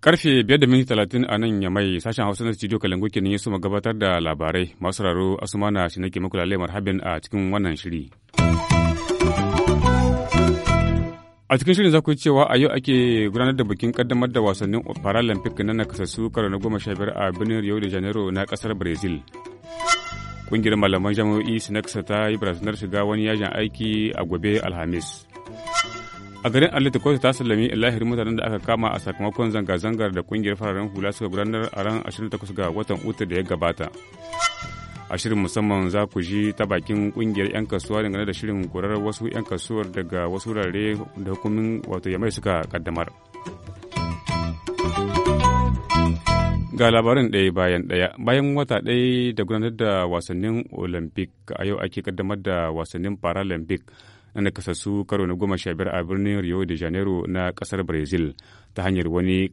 Karfe biyar da minti talatin a nan ya mai sashen Hausa na studio Kalangu kenan ya suma gabatar da labarai masu raro Asumana shi nake muku lalle marhabin a cikin wannan shiri. A cikin shirin za ku cewa a yau ake gudanar da bikin kaddamar da wasannin Paralympic na nakasassu karo na goma sha biyar a birnin Rio de Janeiro na kasar Brazil. Kungiyar malaman jami'o'i Sinexa ta yi barazanar shiga wani yajin aiki a gobe Alhamis. A garin Atletico ta sallami lahir mutanen da aka kama a sakamakon zanga-zangar da kungiyar fararen hula suka gudanar a ran 28 ga watan Uta da ya gabata. a shirin musamman za ku ji ta bakin kungiyar 'yan kasuwa dangane da shirin kurar wasu 'yan kasuwar daga wasu rare da hukumin wato yamai suka kaddamar ga labarin ɗaya bayan ɗaya bayan wata ɗaya da gudanar da wasannin olympic a yau ake kaddamar da wasannin paralympic na kasassu karo na goma sha biyar a birnin rio de janeiro na kasar brazil ta hanyar wani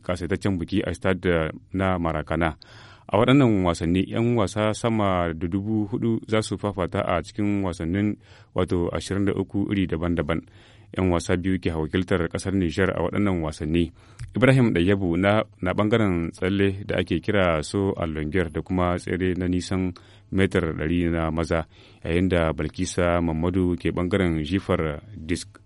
kasataccen buki a stade na marakana. a waɗannan wasanni 'yan wasa sama da dubu hudu za su fafata a cikin wasannin wato 23 iri daban-daban 'yan wasa biyu ke wakiltar kasar nijar a waɗannan wasanni ibrahim ɗayyabu na ɓangaren tsalle da ake kira so allongiyar da kuma tsere na nisan metar 100 na maza yayin da balkisa mamadu ke ɓangaren jifar disk.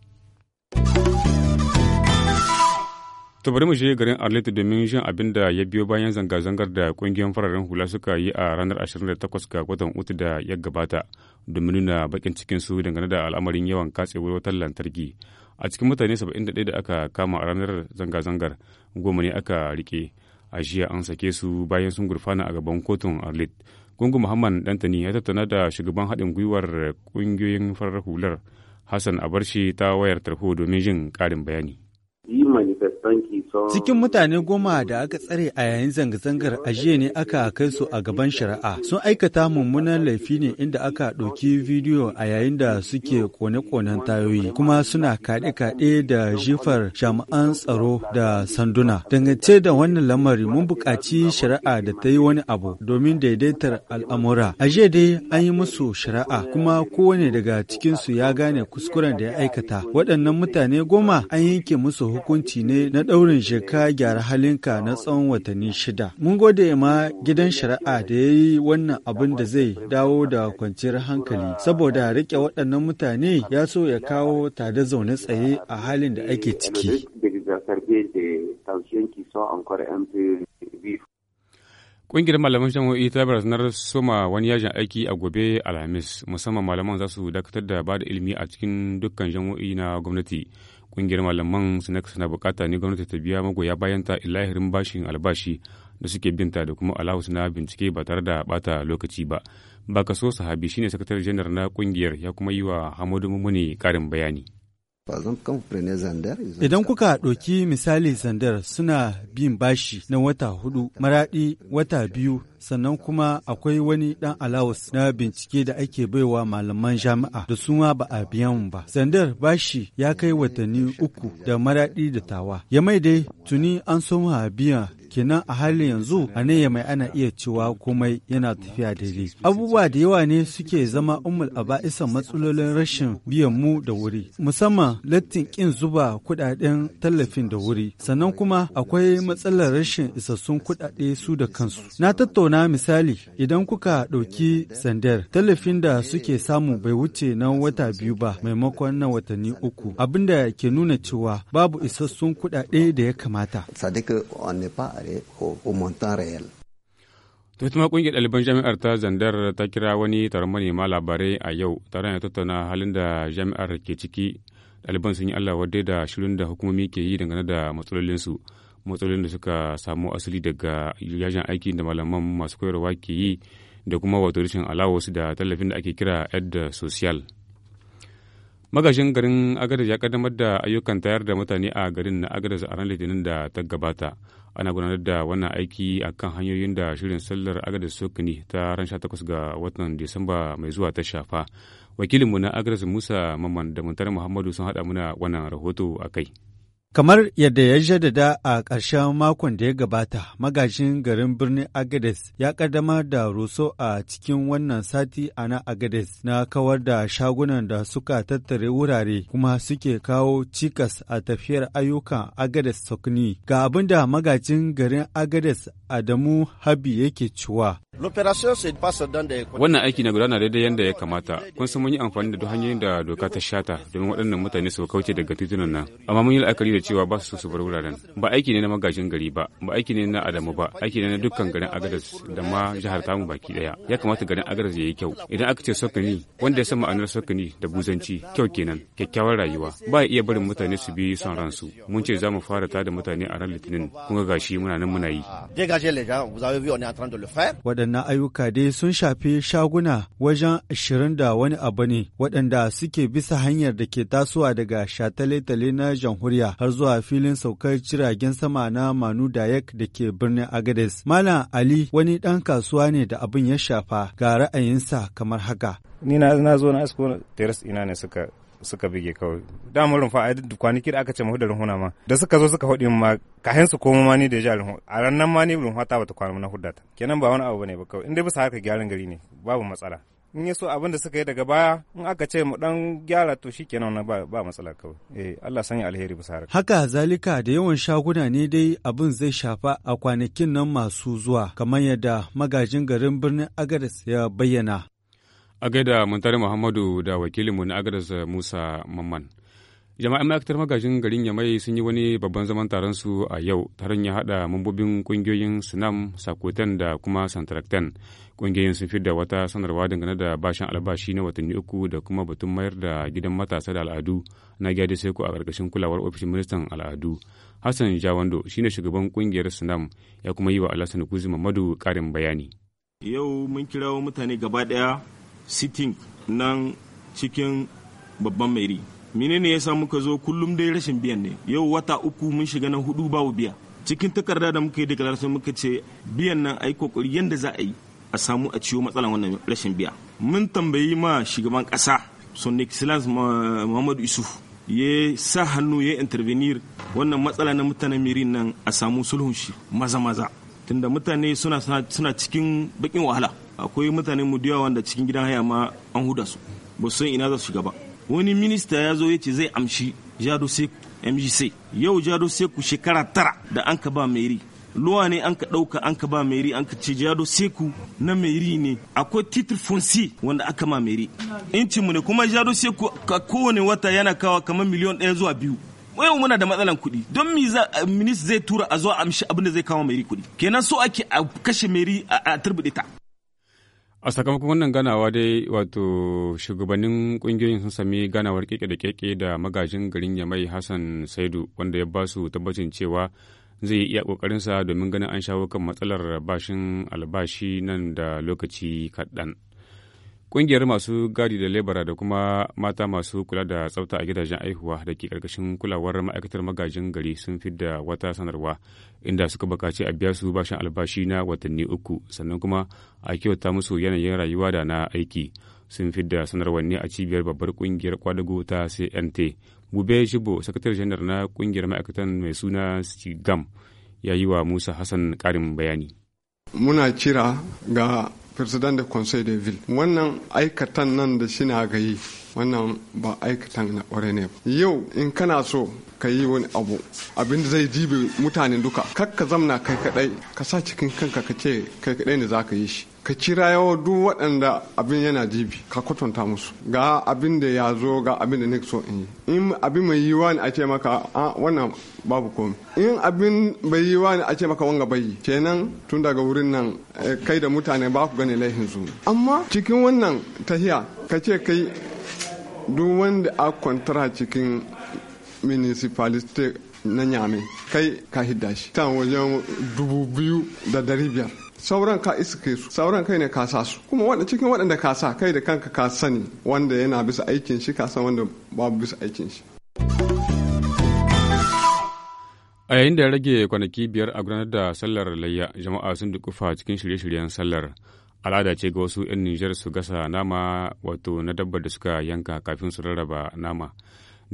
To bari mu je garin Arlette domin jin abin da ya biyo bayan zanga-zangar da kungiyoyin fararen hula suka yi a ranar 28 ga watan Uti da ya gabata domin nuna bakin cikin su dangane da al'amarin yawan katsewar wutar lantarki. A cikin mutane 71 da aka kama a ranar zanga-zangar goma ne aka rike. A jiya an sake su bayan sun gurfana a gaban kotun Arlet. Gungun Muhammad Dantani ya tattauna da shugaban haɗin gwiwar kungiyoyin farar hular Hassan Abarshi ta wayar tarho domin jin ƙarin bayani. Yi manifestanki Cikin mutane goma da aka tsare a yayin zanga-zangar ajiye ne aka kai su a gaban shari'a. Sun aikata mummunan laifi ne inda aka ɗauki bidiyo a yayin da suke kone-konen tayoyi, kuma suna kaɗe-kaɗe da jifar jami'an tsaro da sanduna. Dangance da wannan lamari mun buƙaci shari'a da ta yi wani abu domin daidaitar al'amura. Ajiye dai an yi musu shari'a kuma kowane daga cikinsu ya gane kuskuren da ya aikata. Waɗannan mutane goma an yanke musu hukunci ne na ɗaurin je ka gyara halinka na tsawon watanni shida. Mun gode ma gidan shari'a da ya yi wannan abin da zai dawo da kwanciyar hankali. Saboda rike waɗannan mutane ya so ya kawo tada zaune tsaye a halin da ake ciki. Ƙungiyar malaman jami'o'i ta barazanar soma wani yajin aiki a gobe Alhamis, musamman malaman za su dakatar da ba da ilimi a cikin dukkan jami'o'i na gwamnati. Ƙungiyar malaman sinak na bukata ne gwamnati ta biya magoya bayan bayanta ilahirin bashin albashi da suke binta da kuma alawus na bincike ba tare da bata lokaci ba. Ba so sahabi shine sakatare janar na kungiyar ya kuma yi wa Hamadu Mumuni karin bayani. Idan kuka ɗauki misali zandar suna bin bashi na wata hudu, maraɗi wata biyu, sannan kuma akwai wani ɗan alawus na bincike da ake baiwa malaman jami'a da su ba a biyan ba. Zandar bashi ya kai watanni uku da maraɗi da tawa. Ya mai dai tuni an soma biya kenan a halin yanzu a ne mai ana iya cewa komai yana tafiya daidai abubuwa da yawa ne suke zama umul aba'isan matsalolin rashin biyan mu da wuri musamman lattin kin zuba kudaden tallafin da wuri sannan kuma akwai matsalar rashin isassun kudade su da kansu na tattauna misali idan kuka ɗauki sandar tallafin da suke samu bai wuce na wata biyu ba maimakon na watanni uku abinda ke nuna cewa babu isassun kudade da ya kamata ko montan real. Tutuma kungiyar ɗaliban jami'ar ta zandar ta kira wani taron manema labarai a yau tare da tattauna halin da jami'ar ke ciki ɗaliban sun yi Allah wadai da shirin da hukumomi ke yi dangane da matsalolinsu matsalolin da suka samu asali daga yajin aiki da malaman masu koyarwa ke yi da kuma wato rashin su da tallafin da ake kira ed social. magajin garin agadez ya kaddamar da ayyukan tayar da mutane a garin na agadez a ranar litinin da ta gabata ana gudanar da wannan aiki a kan hanyoyin da shirin sallar agadez sokini ta ran 18 ga watan disamba mai zuwa ta shafa wakilinmu na agadez musa maman da muntar muhammadu sun haɗa muna wannan rahoto a kai Kamar yadda ya jaddada a ƙarshen makon da ya gabata, magajin garin birnin Agades ya ƙaddamar da roso a cikin wannan sati a na Agades na kawar da shagunan da suka tattare wurare kuma suke kawo cikas a tafiyar ayyukan Agades Sokni. Ga abin da magajin garin Agades Adamu Habi yake cewa Wannan aiki na gudana daidai yadda ya kamata. Kun san mun yi amfani da duk hanyoyin da doka ta shata domin waɗannan mutane su kauce daga titunan nan. Amma mun yi la'akari da cewa ba su so su bar wuraren. Ba aiki ne na magajin gari ba, ba aiki ne na Adamu ba, aiki ne na dukkan garin Agadas da ma jihar tamu baki daya. Ya kamata garin Agadas ya yi kyau. Idan aka ce Sokani, wanda ya san ma'anar Sokani da buzanci, kyau kenan, kyakkyawar rayuwa. Ba iya barin mutane su bi son ransu. Mun ce za mu fara tada mutane a ran Litinin, kuma gashi muna nan muna yi. engager les gens, vous avez vu on est en train de Waɗannan ayyuka dai sun shafi shaguna wajen ashirin da wani abu ne waɗanda suke bisa hanyar da ke tasowa daga shatale na jamhuriya har zuwa filin saukar jiragen sama na Manu Dayak da ke birnin Agades. Malam Ali wani ɗan kasuwa ne da abin ya shafa ga ra'ayinsa kamar haka. Ni na zo na asko teras ina ne suka suka bige kawai da damar fa a kwanaki da aka ce mahu da rumfuna ma da suka zo suka hudu ma kahin su koma mani da ja rumfa a ranar mani rumfa ta bata kwana na hudata kenan ba wani abu bane ba kawai in dai bisa haka gyaran gari ne babu matsala in ya so abin da suka yi daga baya in aka ce mu dan gyara to shikenan ba ba matsala kawai eh Allah sanya alheri bisa haka haka zalika da yawan shaguna ne dai abin zai shafa a kwanakin nan masu zuwa kamar yadda magajin garin birnin Agadez ya bayyana a gaida muntari muhammadu da wakilinmu na agadas musa mamman jama'an ma'aikatar magajin garin yamai sun yi wani babban zaman taron su a yau taron ya haɗa mambobin ƙungiyoyin sinam sakoten da kuma santarakten ƙungiyoyin sun fi da wata sanarwa dangane da bashin albashi na watanni uku da kuma batun mayar da gidan matasa da al'adu na gyadi ku a ƙarƙashin kulawar ofishin ministan al'adu hassan jawando shine shugaban kungiyar sinam ya kuma yi wa alhassan kuzi mamadu ƙarin bayani yau mun kirawo mutane gaba ɗaya sitting nan cikin babban mairi menene yasa muka zo kullum dai rashin biyan ne yau wata uku mun shiga na hudu babu biya cikin takarda da muka yi declaration muka ce biyan nan yi kokari yadda za a yi a samu a ciwo matsalan wannan rashin biya mun tambayi ma shugaban kasa son silas muhammadu isuf ya sa hannu ya intervenir wannan matsala na mutanen miri nan a samu sulhun shi maza maza tunda mutane suna cikin bakin wahala akwai mutane mu da wanda cikin gidan haya ma an huda su ba san ina za su shiga ba wani minista ya zo ya ce zai amshi jado mgc yau jado seku shekara tara da an ka ba mairi luwa ne an ka ɗauka an ka ba mairi an ka ce jado seku na mairi ne akwai titir fonsi wanda aka ma mairi inci mu ne kuma jado seku ka kowane wata yana kawa kamar miliyon ɗaya zuwa biyu yau muna da matsalan kuɗi don mi za minista zai tura a zuwa amshi abin da zai kawo mairi kuɗi kenan so ake a kashe mairi a turbiɗe ta a sakamakon wannan ganawa dai wato shugabannin kungiyoyin sun sami ganawar keke da keke da magajin garin yamai hassan saidu wanda ya ba su tabbacin cewa zai iya kokarinsa domin ganin an shawo kan matsalar bashin albashi nan da lokaci kaɗan. kungiyar masu gadi da lebara da kuma mata masu kula da tsafta a gidajen aihuwa da ke ƙarƙashin kulawar ma'aikatar magajin gari sun fi da wata sanarwa inda suka bukaci a biya su bashin albashi na watanni uku sannan kuma a kyauta musu yanayin rayuwa da na aiki sun fidda sanarwar ne a cibiyar babbar kungiyar kwadago ta CNT. Bube Shibo, sakatar janar na kungiyar ma'aikatan mai suna Sigam, ya yi wa Musa Hassan karin bayani. Muna kira ga president da conseil de ville wannan aikatan nan da shi na yi wannan ba aikatan na ƙware ne ba yau in kana so ka yi wani abu abin da zai jibe mutane duka kak ka zamna kai kadai ka sa cikin kanka ka ce kai kadai ne za ka yi shi ka kira yawa duk waɗanda abin yana jibi ka kwatanta musu ga abin da ya zo ga abin da nake so in yi in abin mai yi wani a ce maka a wannan babu komi in abin bai yi wani a ce maka wanga bai yi kenan tun daga wurin nan eh, kai da mutane ba ku gane laifin su amma cikin wannan tahiya ka ce kai duk wanda a kwantara cikin municipality na nyame kai ka hidda shi ta wajen dubu biyu da dari biyar sauran ka iske su sauran kai ne ka sa su kuma wanda cikin waɗanda ka sa kai da kanka ka sani wanda yana bisa aikin shi ka san wanda babu bisa aikin shi a yayin da ya rage kwanaki biyar a gudanar da sallar layya jama'a sun dukufa cikin shirye-shiryen sallar al'ada ce ga wasu 'yan nijar su gasa nama wato na dabbar da suka yanka kafin su rarraba nama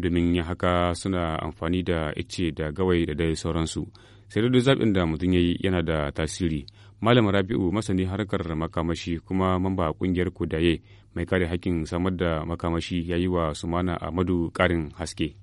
domin ya haka suna amfani da ice da gawai da dai sauransu sai duk zaɓin da mutum ya yi yana da tasiri malam rabi'u masani harkar makamashi kuma mamba ƙungiyar kudaye mai kare hakkin samar da makamashi ya yi wa sumana amadu ƙarin haske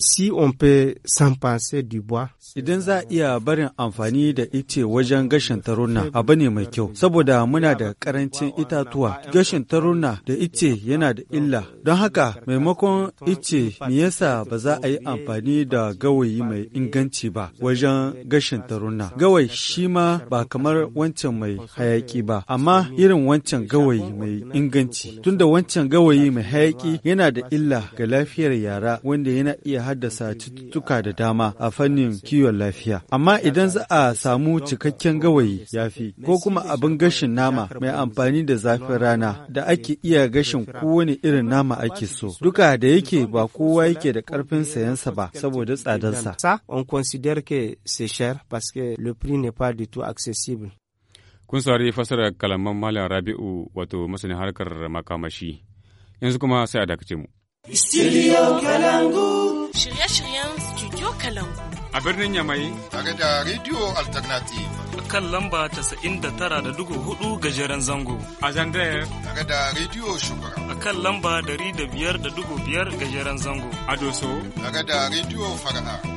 Si on peut s'en passer du bois. Idan za a iya barin amfani da ice wajen gashin taruna abu ne mai kyau, saboda muna da karancin itatuwa. Gashin taruna da ice yana da illa, don haka maimakon ice me yasa ba za a yi amfani da gawayi mai inganci ba wajen gashin taruna. Gawayi shi ma ba kamar wancan mai hayaki ba, amma irin wancan gawayi mai inganci. Tunda wancan gawayi mai hayaki yana da illa ga lafiyar yara wanda yana iya haddasa cututtuka da dama a fannin kiwon lafiya. Amma idan za a samu cikakken gawayi yafi ko kuma abin gashin nama mai amfani da zafin rana da ake iya gashin kowane irin nama ake so. Duka da yake ba kowa yake da karfin sayansa ba saboda tsadarsa. On consider que c'est parce que le prix pas du tout accessible. Kun saurari fasarar kalaman Malam Rabi'u wato masanin harkar makamashi. Yanzu kuma sai a dakace mu. Studio Kalangu. shirye-shiryen studio kalangu a birnin yamai tare da radio alternative a kan lamba 99.4 gajeren zango a zandaya tare da radio shugaba a kan lamba 105.5 gajeren zango a doso tare da radio fara'a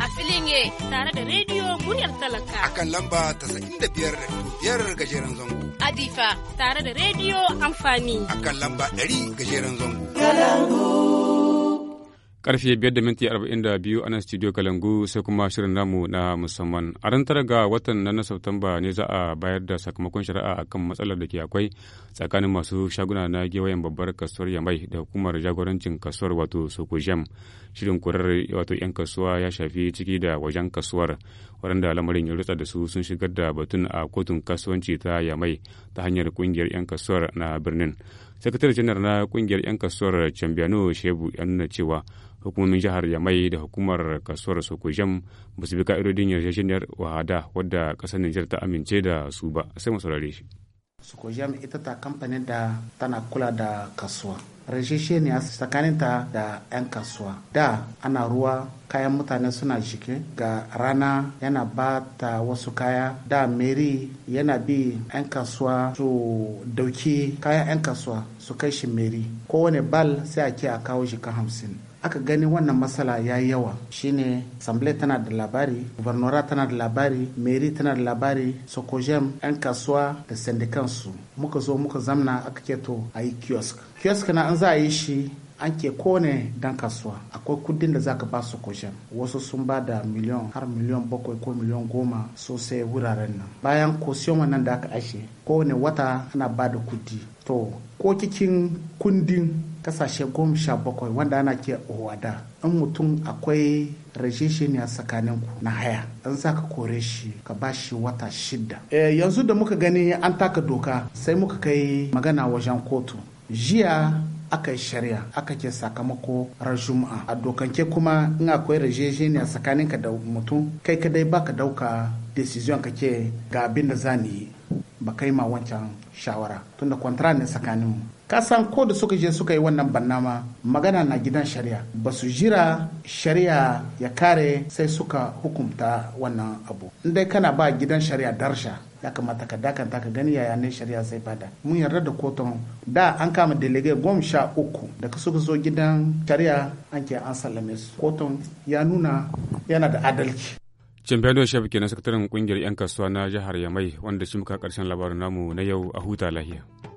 a filin ye tare da rediyo muryar talaka akan lamba da biyar biyar gajeren zango adifa tare da rediyo amfani akan lamba ɗari gajeren zango Karfe 5:42 biyu nan studio Kalangu sai kuma shirin namu na musamman. A ran tara ga watan nan na Satumba ne za a bayar da sakamakon shari'a akan matsalar da ke akwai tsakanin masu shaguna na gewayen babbar kasuwar Yamai da hukumar jagorancin kasuwar wato Sokojam. Shirin kurar wato 'yan kasuwa ya shafi ciki da wajen kasuwar. Waɗanda lamarin ya rutsa da su sun shigar da batun a kotun kasuwanci ta Yamai ta hanyar kungiyar 'yan kasuwar na birnin. sakatare janar na kungiyar 'yan kasuwar cambiano shebu ya nuna cewa hukumomin jihar yamai da hukumar kasuwar sokojam ba su bi ka'idodin yarjejeniyar wahada wadda kasar nijar ta amince da su ba sai mu saurare shi sokojam ita ta kamfanin da tana kula da kasuwa tsakanin tsakaninta da 'yan kasuwa da ana ruwa kayan mutane suna shike ga rana yana ba ta wasu kaya da meri yana bi 'yan kasuwa su dauki kayan 'yan kasuwa su kai shi meri kowane bal sai a ke a kawo shi ka hamsin aka gani wannan matsala ya yi yawa shine assembly tana da labari gubernora tana da labari meri tana da labari sokojem yan kasuwa da sandikansu muka zo muka zamna aka keto a yi kiosk kiosk na an za a yi shi an ke kone dan kasuwa akwai kudin da zaka ba su kushin wasu sun ba da miliyan har miliyan bakwai ko miliyan goma sosai wuraren nan bayan kosiyon wannan da aka ashe kowane wata ana ba da kudi to ko kikin kundin kasashe goma sha bakwai wanda ana ke owada in mutum akwai a tsakanin ku na haya an za ka kore shi ka ba shi wata shida e, eh, yanzu da muka gani an taka doka sai muka kai magana wajen kotu jiya aka yi shari'a aka ke sakamako ran juma'a a dokance kuma in akwai rajejeniya ka da mutum kai ka kadai baka dauka decision ka kake ga abin da za ni yi ba kai ma wancan shawara tunda kwantara ne tsakanin mu. ka san ko da suka je suka yi wannan bannama magana na gidan shari'a ba su jira shari'a ya kare sai suka hukumta wannan abu in dai kana ba gidan shari'a darsha ya kamata ka dakanta ka gani yaya ne shari'a zai bada mun yarda da kotun da an kama delege gom sha uku da ka zo gidan shari'a an ke an sallame su kotun ya nuna yana da adalci ke na sakataren kungiyar 'yan kasuwa na jihar yamai wanda shi muka karshen labarin namu na yau a huta lahiya